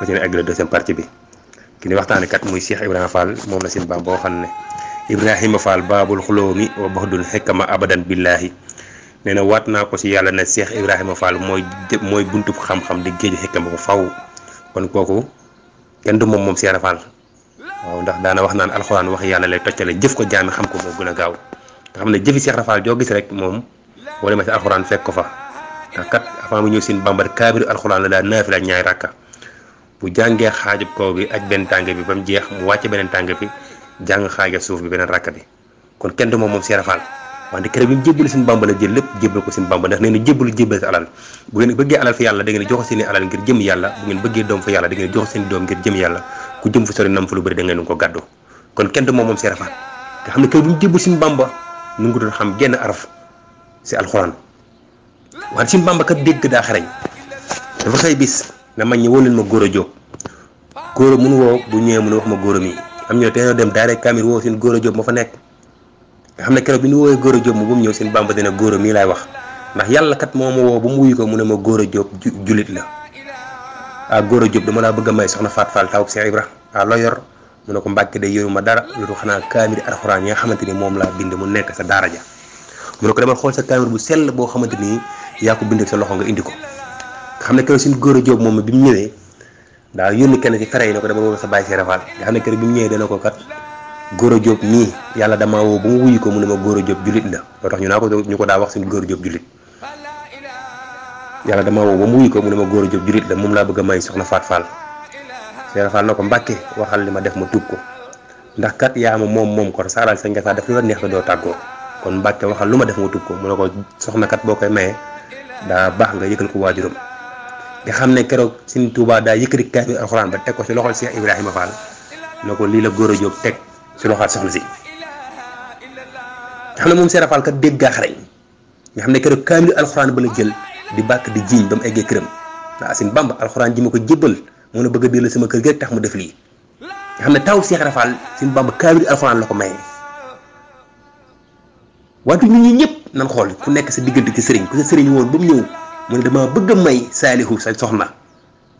ba ci ne àggale deuxième partie bi ki ni waxtaan kat muy Cheikh Ibrahima Fall moom la seen baab boo xam ne Ibrahima Fall baabul xuloomi wa baxdul xekkama abadan billaahi nee na waat naa ko si yàlla ne Cheikh Ibrahima Fall mooy mooy buntub xam-xam di géeju xekkama bu faw kon kooku kenn du moom moom Cheikh Ibrahima Fall waaw ndax daana wax naan alxuraan wax yàlla lay toccale jëf ko jaami xam ko moo gën a gaaw nga xam ne jëfi Cheikh Ibrahima Fall joo gis rek moom boo demee si alxuraan fekk ko fa ndax kat avant mu ñëw seen bambar kaabiru alxuraan la daa naafila ñaari rakka bu jàngee xaajub kaw bi aj benn tànk bi ba mu jeex mu wàcce beneen tànk bi jàng xaaja suuf bi beneen rakka bi kon kenn du moom moom Seera wante kër bi mu jébbalu suñu bamba la jël lépp jébbal ko suñu bamba ndax nee na jébbal alal bu ngeen bëggee alal fi yàlla da ngeen jox alal ngir jëm yàlla bu ngeen bëggee doom fa yàlla da ngeen jox seen doom ngir jëm yàlla ku jëm fu sori nam fa lu bëri da ngeen ko gàddu kon kenn du moom moom Seera nga xam ne kër bi mu jébbal suñu bamba nu ngi doon xam genn araf si alxuraan wante suñu bamba kat dégg daa xarañ dafa xëy bis na ma ñi woo leen ma góor a jóg góor a mun woo bu ñëwee mun a wax ma góor a am ñoo tey dem daara kaamil woo seen góor a fa nekk nga xam ne bi ñu woowee góor a jóg mu ñëw seen bàmba dina góor mii laay wax ndax yàlla kat moo ma woo ba mu mu ne ma góor a jóg julit la ah góor a dama laa bëgg may soxna Faat Fall taw Cheikh yor mu ne ko mbàkke de yoru ma dara lu xanaa kaamil alxuraan yi nga xamante ni moom laa bind mu nekk sa daara ja mu ne ko demal xool sa kaamil bu sell boo xamante ni yaa ko bind sa loxo nga indi ko xam ne kër suñ góor a jóob moom bi mu ñëwee daa yónni kenn ci fere yi ne ko dama woo sa bàyyi si rafaal nga xam ne kër bi mu ñëwee dana ko kat góor a jóob nii yàlla dama woo ba mu wuyu ko mu ne ma góor a jóob julit la moo tax ñu naa ko ñu ko daa wax suñ góor a jóob julit yàlla dama woo ba mu wuyu ko mu ne ma góor a jóob julit la moom laa bëgg a may soxna faat faal seen faal na ko mbàkke waxal li ma def ma tuub ko ndax kat yaa ma moom moom kon saaral sa nga saa def lu la neex doo tàggoo kon mbàkke waxal lu ma def ma tuub ko mu ne ko soxna kat boo koy maye daa baax nga yëgal ko waajuram di xamne kéro keroog touba da yëkëri yëkkati kaamil ba tek ko ci loxol cheikh ibrahim fall nako li la goro jog tek ci loxol cheikh si nga mom cheikh moom fall kat dégg nga xamne kéro kamil kaamil ba la jël di bak di jiñ bam kërëm da asin bamba Al ji ma ko jébbal mu ne bëgg bi la sama kër gëk tax mu def li nga xamne taw cheikh rafal sin bamba kaamil Al lako may maye wante ñun ñi ñëpp nan xol ku nekk sa digënt ci sëriñ ku sëriñ woon bu ñëw mu ne damaa bëgg a may saalihu sa soxna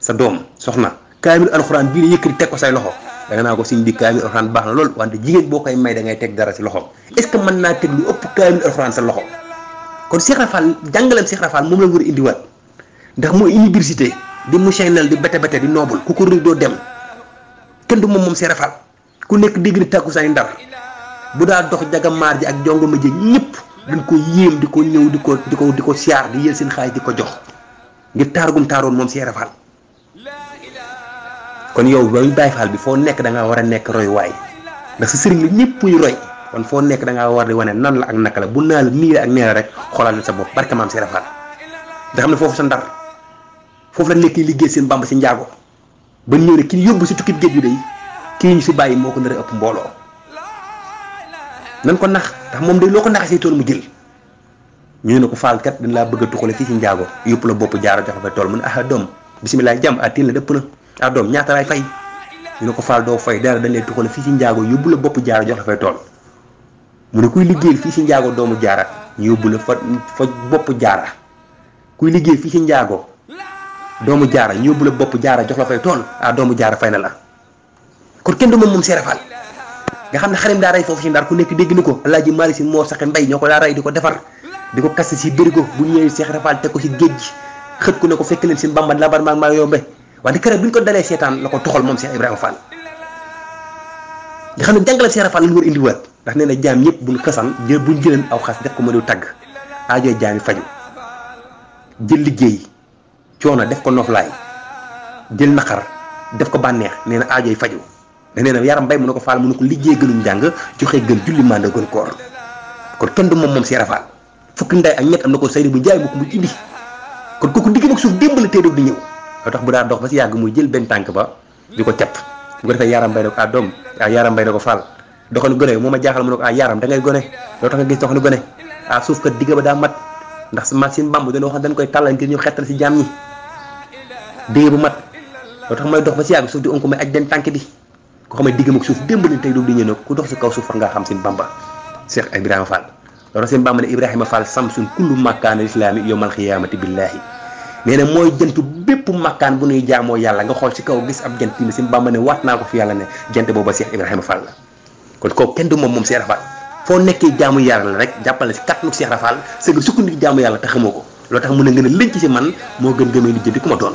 sa doom soxna kaamil alxuraan bii la yëkkati teg ko say loxo da nga naa ko suñ bi kaamil alxuraan baax na lool wante jigéen boo koy may da teg dara si loxoom est ce que mën naa teg lu ëpp kaamil alxuraan sa loxo kon Cheikh Rafal jàngaleem Cheikh Rafal moom la war a indiwaat ndax mooy université di musinel di bete bete di noobul ku ko rëy doo dem kenn du moom moom Cheikh Rafal ku nekk dégg ni tàkku say ndar bu daa dox jagamaar ji ak jongoma ji ñëpp dañ ko yéem di ko ñëw di ko di ko di ko siyaar di yël seen xaalis di ko jox ngir taar gum taaroon moom Cheikh Ibra Fall kon yow loolu Baye Fall bi foo nekk da ngaa war a nekk roy waay ndax sa sëriñ la ñëpp ñu roy kon foo nekk da ngaa war di wane nan la ak naka la bu naal nii la ak nee la rek xoolal sa bopp barke maam Cheikh Ibra Fall da xam ne foofu sa ndar foofu la nekk liggéey seen bamba si njaago ba ñëw ne ki yóbbu si tukkib géej gi kii ñu si bàyyi moo ko nar a ëpp nan ko nax ndax moom day loo ko naxasee tool mu jël ñu ne ko faal kat dañ laa bëgg a tuxale fii ci njaago yëpp la bopp jaaro jox tool mu ne ah doom bisimilah jàmm ah tiil na dëpp ah, ñaata laay fay ñu ko faal doo fay dara fii ci njaago yóbbu la bopp jaaro fay tool mu ne kuy liggéeyal fii ci njaago doomu jaara ñu yóbbu la fa fa bopp jaara kuy liggéey fii ci njaago doomu jaara ñu yóbbu jaara jox la fay tool ah doomu jaara fay na la kon kenn du moom moom seere nga xam ne xarim daa rey foofu ci ndar ku nekk dégg na ko alaaji Maalik Si Moor Saxe Mbay ñoo ko daa rey di ko defar bu ñëwee Seex Rafal teg ko ci géej gi xët ku ne ko fekk leen si Bamba la bar maa yombe wante keroog bi ñu ko dalee seetaan la ko toxal moom Seex Ibrahima Fall nga xam ne jàngale Seex Rafal lu war indiwaat ndax nee na jaam bu buñu xasan jë buñ jëleen aw xas def ko mënew tàgg aajooy jaam yi faju jël liggéey coono def ko noflaay jël naqar def ko bànneex nee na aajooy faju da nee na mbay mu ne ko faal mu ne ko liggéey gënuñ njàng joxe gën julli manda gën koor kon kenn du moom moom si faal fukki nday ak ñett am na ko sayri bu njaay bu ko mu indi kon kooku digg ak suuf démb la téedoog di bu daa dox si yàgg muy jël benn tànk ba di ko tepp bu ko defee yaram mbay ne ko ah doom ah yaram mbay ne ko faal doxalu gone moo ma jaaxal mu ne ko ah yaram da ngay gone loo tax nga gis doxalu gone ah suuf kat digg ba daa mat ndax machine bamb dañoo wax dañ koy tàllal ngir ñu xettal si jaam ñi digg bu mat loo tax may dox ba si yàgg suuf di onko may tànk bi ko xam ne diggam ak suuf démb leen tey du di ñëw ku dox si kaw suuf war ngaa xam seen bamba Cheikh ak Ibrahima Fall loolu seen bamba ne Ibrahima Fall samsun kullu makkaana islaami yowmal xiyaamati billaahi nee na mooy jëntu bépp makkaan bu nuy jaamoo yàlla nga xool ci kaw gis ab jant yi seen bamba ne waat naa ko fi yàlla ne jant booba Cheikh Ibrahima Fall la kon kooku kenn du moom moom Cheikh Fall foo nekkee jaamu yàlla la rek jàppal na si kattanu loo tax mun a gën moo gën gëmee lu jëndi ku ma doon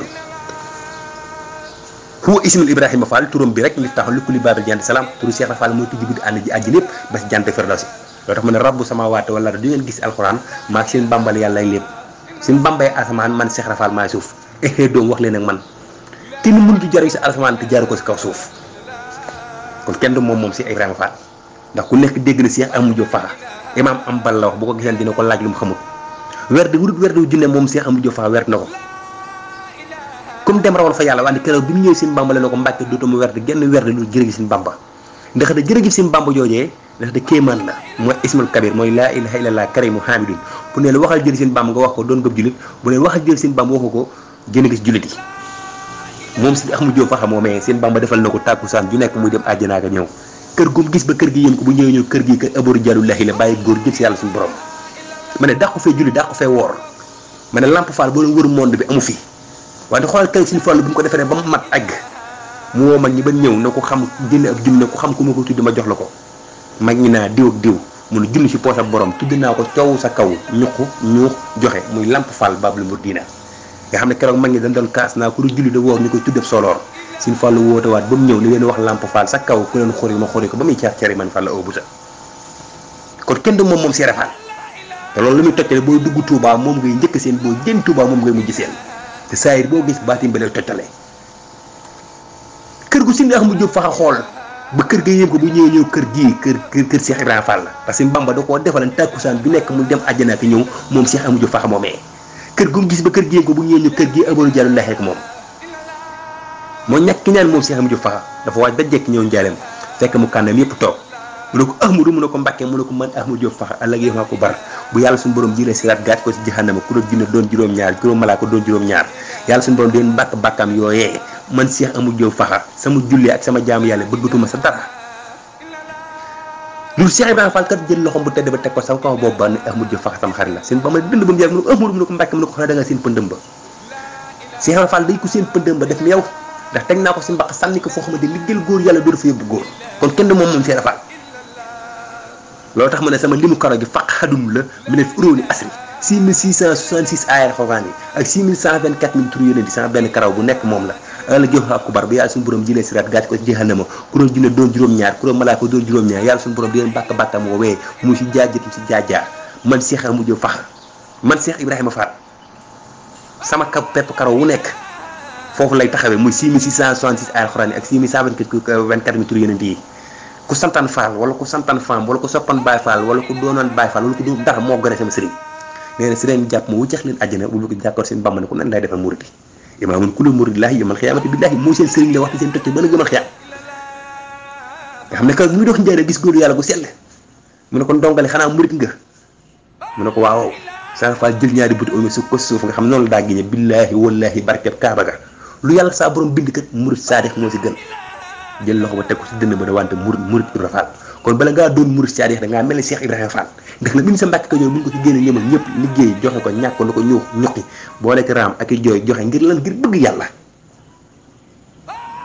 huwa ismil Ibrahim fall turum bi rek li taxal li kuli babil jant salam turu cheikh fall mo tuddi guddi and ji aji lepp bas ci jant firdausi lo tax mun rabbu samawati wala du ngeen gis alquran ma ak seen bambal yalla lepp seen bambay asman man cheikh rafal ma suuf ehe do wax len ak man te ni mun du jaru ci asman te jaru ko ci kaw souf kon kenn mom mom ci ibrahim fall ndax ku nek deg na cheikh amu jof imam am bal la wax bu ko gisen dina ko laaj lu mu xamul werd wurut werd jinne mom cheikh amu jof werd nako comme dem rawal fa yàlla wante keroog bi mu ñëwee mooy ismul kabir mooy laa ilaha illallah karimu hamidun bu ne la waxal jërëjëf seen bamba nga defal na ko tàkkusaan ju nekk muy dem àjjana ak ñëw kër gu mu gis ba kër gi yéen ko bu ñëwee ñu kër gi kër aboru jalu lahi la bàyyi góor jëm si yàlla suñu borom ma ne ko fee julli dàq ko fee woor ma ne faal boo doon wër monde bi amu fi wante xoolal kay suñu fàll bu ñu ko defaree ba mu mat àgg mu mag ñi ba ñëw na ko xam jënd ak jum ne ko xam ku ma ko tudd ma jox la ko mag ñi naa diw ak diw mu ne junni si poosam borom tudd naa ko coow sa kaw ko ñuux joxe muy lamp Fall Babul Mouridina nga xam ne keroog mag ñi dañ doon kaas naa ku du julli da woor ñu koy tuddee soloor suñu fàll wootewaat ba mu ñëw li leen wax lamp Fall sa kaw ku leen xori ma xori ko ba muy car cari man Fall au kon kenn du moom moom Seere Fall te loolu lu muy toj booy dugg Touba moom ngay njëkk seen booy génn Touba moom ngay mujj seen te saayir boo gis baatim bi lay tojtale kër gu Sidi Ahmadou Diop faxa xool ba kër ga yéem bu ñëwee ñëw kër gii kër kër kër Cheikh Ibrahima la parce que ba da koo defalan tàkkusaan bi nekk mu dem àjjana fi ñëw moom Cheikh Ahmadou Diop faxa moomee kër gu gis ba kër gi yéem bu ñëwee ñëw kër gi Abdou Diallo Ndaxe ak moom moo ñàkk ñaan moom Cheikh Ahmadou Diop faxa dafa waaj ba jekk ñëw njaareem fekk mu kànnam yëpp toog mu ne ko ahmadu mu ne ko mbàkke mu ne ko man ahmadu Diop fax allah yow ko bar bu yalla sun borom jëlee sirat gaaj ko ci jahannama ku do junne don juróom-ñaar juróom mala ko don juróom-ñaar yalla sun borom den bak bakam yoyé man cheikh ahmadu Diop faxa sama julli ak sama jaamu yalla beugutuma sa dara loolu cheikh ibrahim fall kat jël loxom bu tedd ba tek ko sama ko boobu ba ne ahmadu Diop faxa sama xarit la seen bama dind bu ba mu yàgg mu ne ko ahmadu mu ne ko mbàkke mu ne ko xanaa da nga sin pëndëm ba cheikh ibrahim fall day ku sin pëndëm ba def mi yow ndax tek na ko si bak sanni ko fo foo di liggel goor yalla do fa yeb goor kon kenn mom moom seex fall loo tax ma ne sama limu karo gi faq xadum la mu ne uróoni asri 6666 aayal xawaan yi ak 6124 tur yónent yi nekk moom la ala jox ak kubar bi yàlla suñu borom jëlee siraat gàcc ko ci jahannama ku doon junne doon juróom-ñaar ku doon malaaka doon juróom-ñaar yàlla suñu borom di leen bàkk man Cheikh Amadou Fax man Cheikh Ibrahima Fall sama ka nekk foofu lay taxawee muy 6666 ku santan walau wala ku santan kusapan wala ku soppan bay faal wala ku doonoon bay faal wala ku dum dara mo gëna sama sëriñ neena sëriñ si leen jàpp ma wujax leen àjjana wala ko jàkkoor seen bamane ku ko nan lay defal imam imaamun kulu mouride lahi yamal khiyamati billahi mo seen sëriñ la waxtu seen tëkk bëna gëna xiya xamne ka muy dox njaare gis goor yalla gu sell mu ne ko ndongali xana mouride nga mu ne ko waaw sa fa jël ñaari buti omi su ko suuf nga xam la giñe billahi wallahi barkat kaaba ga lu yalla sa borom bind kat mouride mo ci gën jël loxo ba tek ko ci dënd ba da wante murid murid ibrahim fall kon bala nga doon murid ci arikh da nga melni cheikh ibrahim fall ndax la min sa mbacke ko joor mu ko ci gënal ñëmal ñëpp liggéey joxe ko ñak lu ko ñuux ñuqi bo lek ram ak joy joxe ngir lan ngir bëgg yalla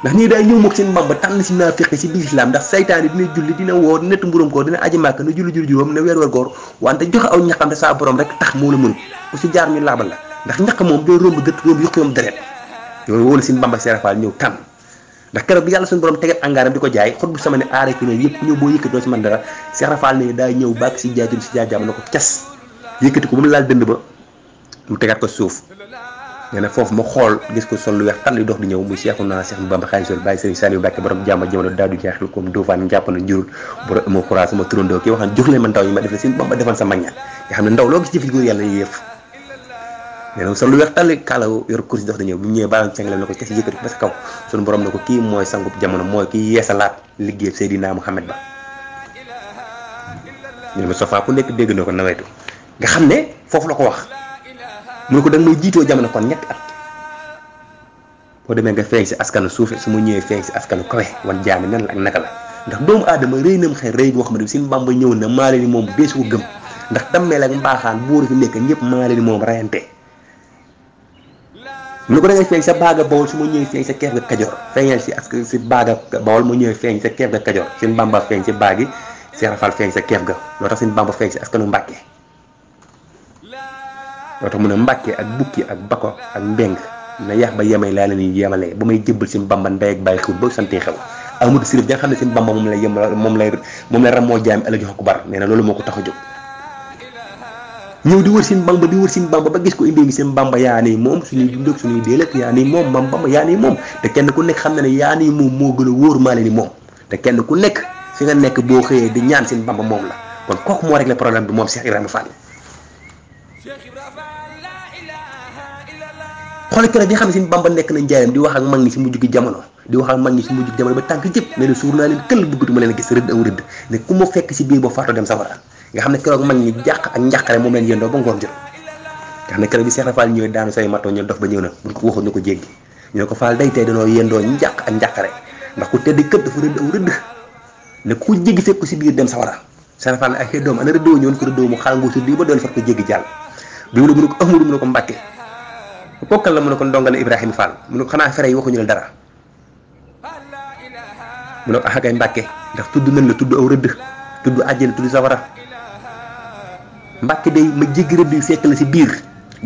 ndax ni day ñëw moog seen mbamba tànn si naafiqi ci bir islam ndax saytaane dina julli dina wo net mburum ko dina aji makka na julli julli juróom na wër wër gor wante joxe aw ñakam te borom rek tax mo la mënu ku ci jaar ñu labal la ndax ñak mom do romb dëtt romb yuq yom deret yooyu wóolu seen mbamba serafal ñëw tan ndax kërëm bi yàlla suñu borom tegat angaaram di ko jaay xut bu sama ne aare ki ne yëpp ñëw boo yëkkati doo ci man dara si rafal ne daa ñëw bàkk si jaajul si jaajaam na ko cas yëkkati ko ba mu laal dënd ba mu tegaat ko suuf nee na foofu ma xool gis ko sol lu weex tal yu dox di ñëw muy seexu na cheikh bamba xaalis jël bàyyi serigne saliou bàkke borom jamm jamono daa du jaaxil comme doofaan njàpp na jurul borom mo xuraas mo turundo ki waxan jox leen man taw yi ma def ci seen bamba defal sa magna nga ya, xam ndaw lo gis ci yi góor yàlla yëf mais nag sol lu weex tàll kaalaw yor kursi dox di ñëw bi mu ñëwee baaraam càngale na ko ca si yëkkati ba sa ko liggéey Seydina Muhammad ba ñu ne ma ku nekk dégg na ko nawetu nga xam ne foofu la ko wax mu ko da nga jiitoo jamono kon ñetti at demee nga feeñ si askanu suufe su ma ñëwee feeñ si askanu kawe wan jaami nan la ak naka la ndax doomu aadama rëy nam xëy rëy goo xam ne sin Bàmba ñëw na maa leen ni moom beesu ko gëm ndax dammeel ak baaxaan buuru fi nekk ñëpp maa leen ni moom rayante lu ko da feeñ sa baaga bawol su ma ñëwee feeñ sa keef ga kajoor feeñal si ak si baaga bawol mu ñëwee feeñ sa keef ga kajoor suñ bamba feeñ si baagi seerafal feeñ sa keef ga loo tax suñ bamba feeñ si askanu mbàkke loo tax mun a mbàkke ak bukki ak bako ak mbeng na yaax ba yemay laa leen yemalee ba may jébbal suñ bamba ndey ak bàyyi xew ba santee xew amadou sirif da nga xam ne suñ bamba moom lay yem moom lay moom lay jaam ëllëg jox ko bar nee na loolu moo ko tax a jóg ñew di wër sin bamba di wër seen bamba ba gis ko indi ngi sin bamba yaani mom suñu dundok suñu deel yaani mom mam bamba yaani mom te kenn ku nek xamna ne yaani mom mo gëna wër malé ni mom te kenn ku nek fi nga nek bo xeye di ñaan seen bamba mom la kon koku mo régler problème bi mom cheikh ibrahima fall xol kër bi xam seen bamba nek na njaaram di wax ak mag ni ci mujju jamono di wax ak mag ni ci mujju jamono ba tank jep né le sour na leen kël bëggutuma leen gis reud aw reud né ku mo fekk ci biir bo faato dem safara nga xam ne keroog mag ñi jàq ak njàqare moom leen yëndoo ba ngoon jot nga xam ne keroog bi Cheikh Fall ñëwee daanu say matoo ñu dof ba ñëw na buñ ko waxoon ñu ko jéggi ñu ne ko Fall day tey danoo yëndoo njàq ak njàqare ndax ku tedd këpp dafa rëdd aw rëdd ku jéggi fekk si biir dem sawara Cheikh Fall ak xëy doom ana rëddoo ñëwoon ko rëddoo mu xaal ba doon far ko jéggi jàll bi mu ne mu ko amul ah mu ne la mu ne ko Ibrahima Fall mu xanaa fere yi waxuñu la dara mu ah tudd nañ tudd aw rëdd tudd àjjana tudd sawara mbacke day ma jegg diw fekk la si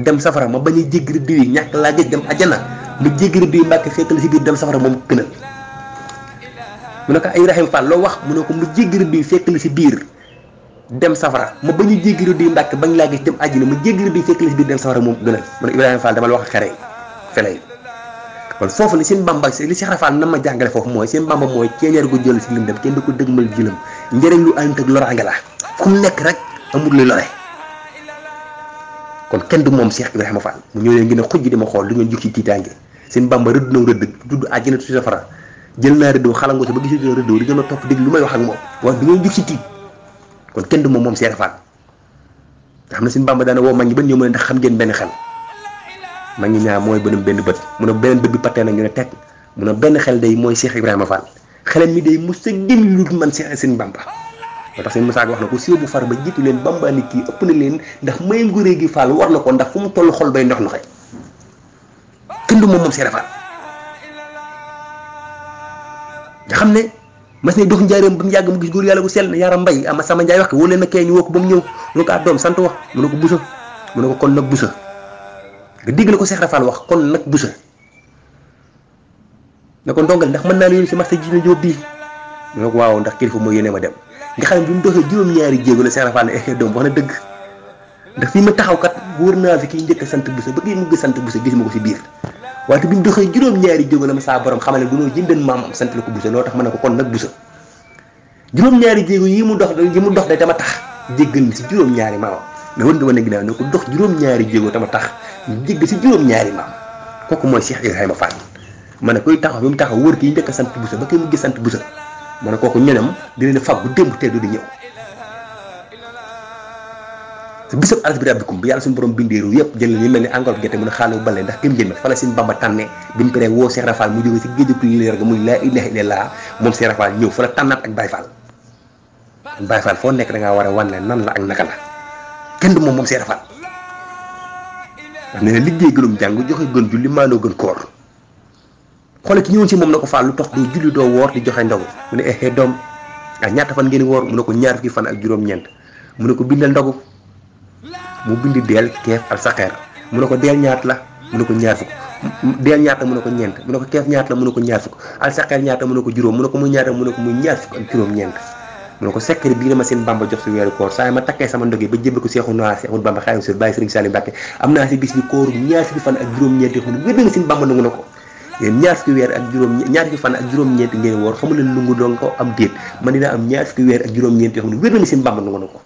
dem safara ma bañ jegg jéggërë ñak la jegg dem ajana ma jegg diw mbacke fekk la si dem safara mom kena mu ay rahim fall lo wax mu mu jegg diw fekk la si dem safara ma bañ jegg jéggërë mbacke bañ la jegg dem aljana ma jegg diw fekk la si dem safara mom gënal man ibrahim fall dama wax xere felay kon fofu li seen bamba li cheikh rafal na ma jàngale foofu mooy seen bamba moy ceeñeer gu jël si lëndam kenn du ko dëgmal jëlam njëriñ lu ant ak loraange la fu rek amul lu lay kon kenn du moom Cheikh Ibrahima Fall mu ñëw leen gën a xujj di ma xool lu ngeen jug ci tiitaange seen bàmba rëdd na rëdd tudd àjjana su safara jël naa rëdd xalango si ba gisee rëdd di ngeen ma topp dégg lu may wax ak moom waaye du ngeen jug ci tiit kon kenn du moom moom Cheikh Fall nga xam ne seen bàmba daana woo mag ñi ba ñëw mu ne ndax xam ngeen benn xel mag ñi ñaar mooy bënum benn bët mu ne beneen bët bi pattee nag ñu ne teg mu ne benn xel day mooy Cheikh Ibrahima Fall xelam mi day mos a génn lu man Cheikh seen bàmba motax tax sëñ wax na ko séebu far ba jitu len bamba bambandi ki ëpp na len ndax may nguré gi faal war na ko ndax fu mu toll xol bay ndox noxe tund mom mom seere rafa nga xam ne mas ne dox ndiaram ba mu mu gis góor yalla gu sel na yaram bay ama sama njaay wax ko wóor leen ma kee ñu woo ko ba mu ñëw mu ah, sant wax mu ne ko busa mu ne ko kon nak busa ga dégg la ko seex rafal wax kon nak busa na ko ndongal ndax man na lu yónni si marché ji na jóob mu ko waaw ndax kilifu mo yene ma dem nga xam ne bi mu doxee juróom-ñaari jéego la Cheikh Rafal ne eh, doom wax na dëgg ndax taxaw kat wóor naa fi njëkk sant Bousso ba kii mu ngi sant Bousso gis ma ko si biir waaye bi mu doxee juróom-ñaari jéego la saa borom xamal ne bu noo jëndan maam sant la ko Bousso loo tax ma ne ko kon nag Bousso ñaari jéego yi mu dox yi mu dox da dama tax jéggal ni si juróom-ñaari maamam mais war nga wane ginnaaw ne ko dox juróom-ñaari jéego dama tax jégg si juróom-ñaari maam kooku mooy Cheikh Ibrahima Fall ma ne koy taxaw bi mu taxaw wóor njëkk sant Bousso ba kii mu ngi sant Bousso mu ne kooku ñenam di leen fàggu démb te du di ñëw te bisab alas bi rabbikum bi yalla suñu borom bindee réew yëpp jël ñu mel ni engol gerte mu ne xaalu balé ndax kim jëmee fa la seen bamba tanné bi mu wo Cheikh Rafal mu jóge si géej gi leer ga muy la ilaha illallah mom Cheikh Rafal ñëw fa la tànnaat ak Baye Fall Baye Fall foo nekk da nga wara wané nan la ak naka la kenn du mom moom Cheikh Rafal ndax nah, na liggéey gëlum jàng joxe gën julli maanoo gën koor xoolal ki ñëwoon si moom na ko faal lu tax doo julli doo woor di joxe ndogu mu ne exe doom ak ko ñaar fukki fan ak juróom-ñeent mu ne ko bindal ndogu mu ma deel keef al saxeer mu ne ko deel ñaat la mu ne ko ñaar la mu ne ñaata mu ne ko juróom mu ne ko muy ñaata mu ne ko muy ñaar fukk ak juróom-ñeent mu ne ko secret bii dama seen bamba jox si weeru koor saa naa seexul bamba si kooru ñaar fukki fan ak juróom-ñeent mu ne wér nga seen bamba nangu na ko yéen ñaar fukki weer ak juróom ñaar fukki fan ak juróom-ñeent ngeen woor xamu leen lungu doon ko am déet man dinaa am ñaar fukki weer ak juróom-ñeent yoo xam ne wér na ni seen bàmba nangu ko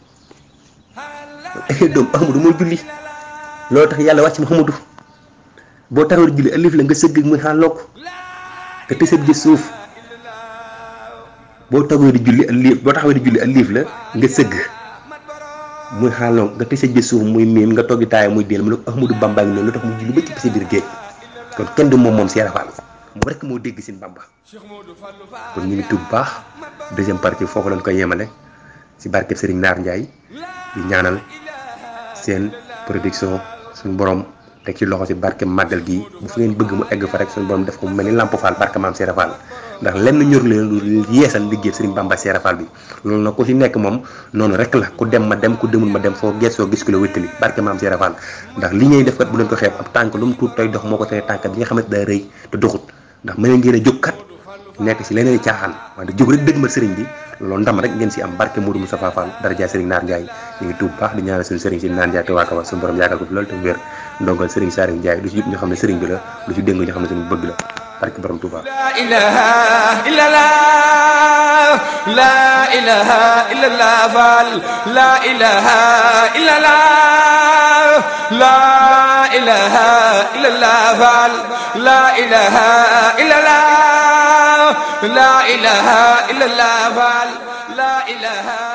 ay doom Ahmadu mooy julli loolu tax yàlla wàcc Muhammadu boo taxawal julli la nga sëgg muy xaaloo ko suuf boo tagoo di boo taxawee di julli alif la nga sëgg muy xaaloo nga tësëb ji suuf muy miim nga toggi taaya muy déel mu ne ko Ahmadu Bamba ngi noonu lu tax mu julli ba ci biir géej kon kenn du moom moom Seera Fall moom rek moo dégg sin Bamba kon ñu ngi tudd bu baax deuxième partie foofu lañ koy yemale si barkeb Serigne Naar Ndiaye yi ñaanal seen production suñu borom teg ci loxo ci barkeb màggal gi bu fu ngeen bëgg mu egg fa rek suñu borom def ko mu mel ni Lamp Fall barke maam Seera Fall ndax lenn ñur leen lu yeesal liggéey Serigne bamba seera fall bi loolu nag ku fi nekk moom noonu rek la ku dem ma dem ku demul ma dem foo gessoo gis ko la wéttali barke maam seera fall ndax li ñuy def kat bu leen ko xeeb ab tànk lu mu tuut tey dox moo ko tere tànk bi nga xamante daa rëy te doxut ndax ma leen a jóg kat nekk si leneen caaxaan da jóg rek ma Serigne bi loolu ndam rek ngeen si am barke modou moustapha fall dara jaay Serigne naar njaay ñu ngi tuub baax di ñaanal suñu Serigne si naan jaay te wa kawa suñu borom yaagal ko fi te wér ndongal Serigne saari njaay du ci jub ñu xam ne bi la du ci déng ñu xam ne suñu bëgg la ترك بالرطوبة لا إله إلا الله لا إله إلا الله فال لا إله إلا الله لا إله إلا الله فال لا إله إلا الله لا إله إلا الله فال لا إله